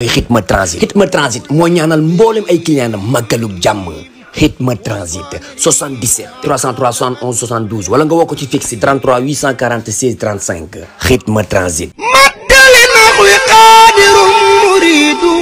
rythme transit rythme transit moo ñaanal mboolem ay client am màggalug jàmm rythme transit 77 303 71 72 wala nga woo ko ci fixe 33 846 35 rythme transit mattali naxwi xaadirum muridu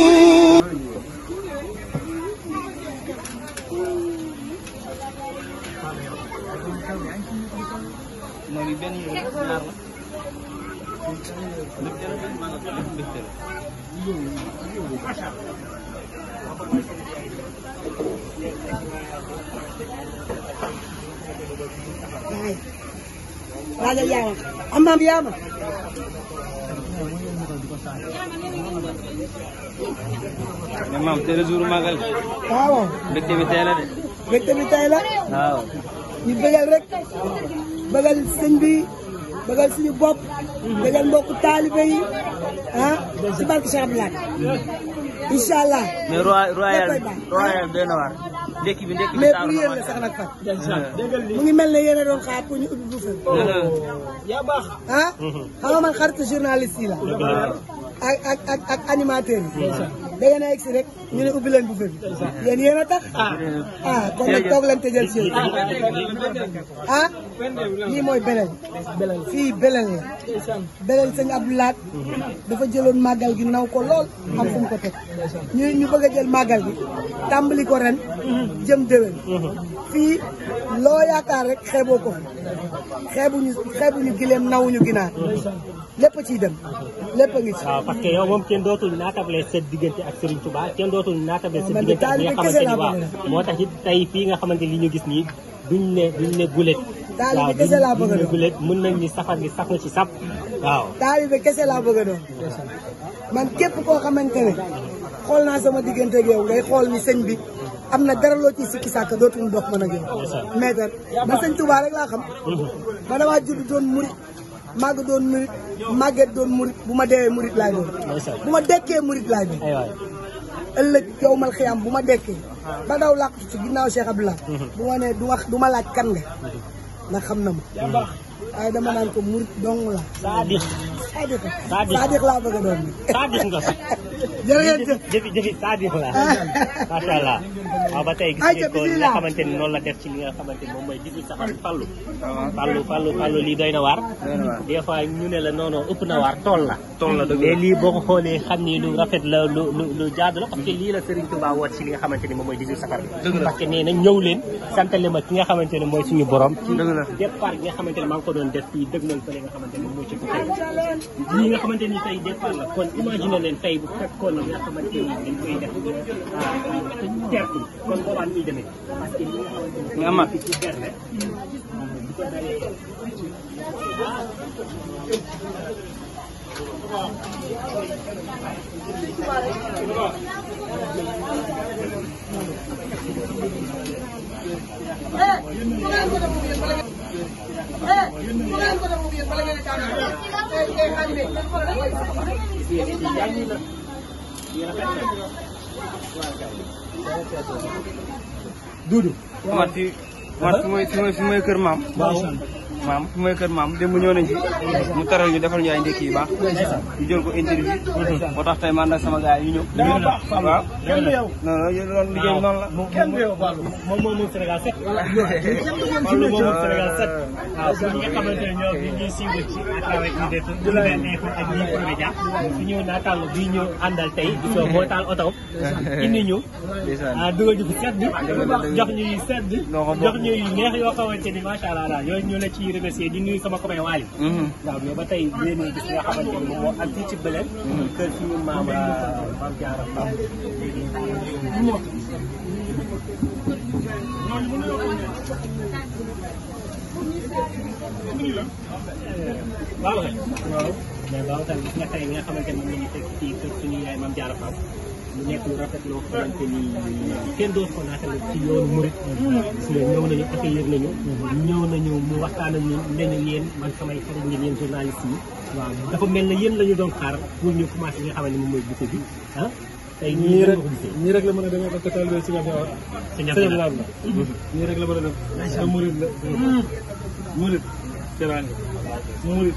Kaya yawa. Ang mami yawa. Ne mam tere jour magal. Waaw. Bëtte bi la de. Bëtte bi tey la. Waaw. Ñu rek. Bëggal sëñ bi. bëggal bopp. bëggal mbokku taalibe yi. Ah, ci barke Cheikh incha allah. mais roi royal royal doy na waar. na waar mu ngi mel ne yéen a doon xaar pour ñu ubbi oh, yaa baax. ah. Mm-hmm. man xaritu journaliste yi ak ak ak ak animateur yi. ñu ne ubbi bu bëri. yéen yéen a tax. ah, ah kon nag toog jël si ah. ah lii mooy belel. fii belel la. belel sëñ Abdoulaat. dafa jëloon màggal gi naw ko lool am fu ko teg. ñu ñu bëgg jël màggal gi tàmbali ko ren. Mm-hmm. jëm déwén. Mm-hmm. fii loo yaakaar rek xeeboo ko xeebuñu xeebuñu gileem nawuñu ginaar lépp ciy dem lépp a ngi ci. waaw ah, parce que yow moom kenn dootuñu naatable sa diggante ak Serigne Touba kenn dootuñu naatable sa diggante ak ñi nga xamante ni waaw moo tax it tey fii nga xamante li ñu gis nii duñ ne duñ ne gulet. taalibe kese laa bëgg a doon waaw mën nañ ni safar gi saf na ci saf waaw. taalibe kese laa bëgg a doon man képp koo xamante ne xool naa sama diggante ak yow ngay xool ni sëñ bi. am na dara loo ciy sikki sàkk dootuñu dox mën a gën maître man sëñ Touba rek laa xam ba damaa judd doon murit màgg doon murit màgget doon murit bu ma deewee murit laay doon bu ma dekkee murit laa doon ëllëg yow mal xiyaam bu ma dekkee ba daw làqtu ci ginnaaw Cheikh Abdoulaye mhm. bu ma nee du wax du ma laaj kan nga mhm. ndax xam na ma waaye dama naan ko murit dong la Sadik Sadik laa bëgg a doon. Sadik nga. jërëjëf jëfi jëfi Sadik laa. macha allah waaw ba tey gis ngeen nga xamante ni noonu la def ci li nga xamante ni moom mooy jibi safar fallu fallu lii doy na waar. des fois ñu ne la ëpp na waar tool la. tool la dëgg la mais boo ko xoolee xam ni lu rafet la lu lu lu jaadu la nga xamante ni moom mooy jibi safar bi. dëgg la parce que nee na ñëw leen ma ki nga xamante ne mooy suñu borom. dëgg la départ bi nga xamante ne maa ngi doon def fii dëgg nañ ko li nga xamante ni moom mooy ci lii nga xamante ni tey départ la kon imagine leen tey bu fekkoon na nga xamante ni dañ koy def tertu kon boobaa ñuy demee parce que li nga xamante ni nga amaat ci terre bu ko dalee Eh, Déjame. Dudu. Mati, mati semua semua semua kermam. Bau. Mam, fu may kër maam démb ñëw nañ fi mu teral ñu defal ñu ay baax ñu jël ko interview moo tax man sama gars ñu ñëw waaw kenn du yow non non loolu liggéey la kenn du yow Fallou moom moom moom Sénégal 7 Fallou moom moom Sénégal 7 waaw ñi nga xamante ne ñoo fi ñuy siiwal ci à travers idée ñu leen neexul ak ñi ko média fi ñëw naataal bi ñu àndal tey di soo moo taal oto indi ñu ah, dugal ñu jox jox neex ni allah ñu la ci remercier di nuyu sama copain Waly. Mhm. waaw mais ba tey léegi ñu gis nga xamante ni moom moo am fii ci Belel. kër suñu maam maam ah, Diarra Fam. waaw waaw mais waaw tamit gis nga tey nga xamante ni moom la ñu fekk ci kër suñu yaay maam Diarra Fam. mu nekk lu rafet loo xamante ni euh, kenn dootu ko naatale ci yoonu murit gis nga ñëw nañu accueillir nañu ñëw nañu mu waxtaan ak ñun ne ñu man samay xarit ngeen yéen journaliste yi waaw dafa mel ne yéen la ñu doon xaar pour ñu commencé li nga xamante ni moom mooy gise bi ah tey ñii rek la mën a demee parce que mhm. a murit mhm. murit teraanga murit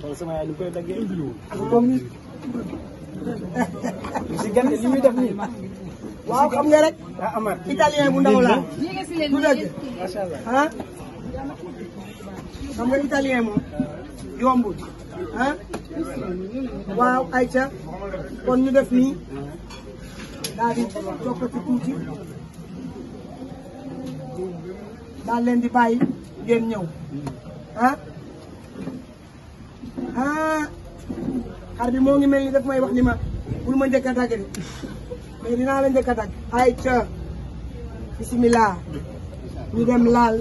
loolu sama yaay ni koy daggee. comme ni si gan li muy def nii. waaw xam nga rek. ah Amar italien bu ndaw laa. bu ah. xam nga kon ñu def nii daal di jokkati tuuti daal leen di bàyyi ngeen ñëw ah. Hah, xar bi moo ngi mel ni daf may wax ni ma bul ma njëkk a dagg de mais dinaa la hah? a ay ca bisimilah ñu dem laal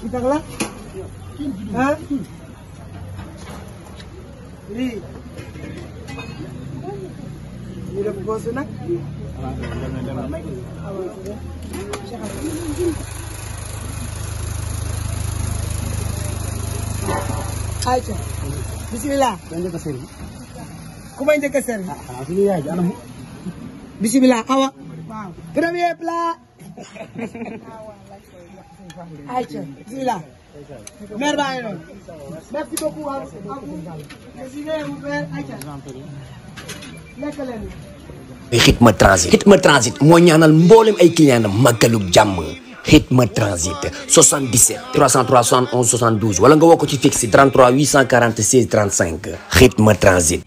ci tax la ah lii ñu def góosu nag. ayca bisimilah. ku may njëkk a servi. bisimilah awa. premier plat. ayca bisimilah. mère baa ngi noonu. merci beaucoup à vous. merci beaucoup. Rythme Transit Rythme Transit moo ñaanal mboolem ay client am màggalub jàmm Rythme Transit 77 303 71 72 wala nga woo ko ci fixe 33 846 35 Rythme Transit.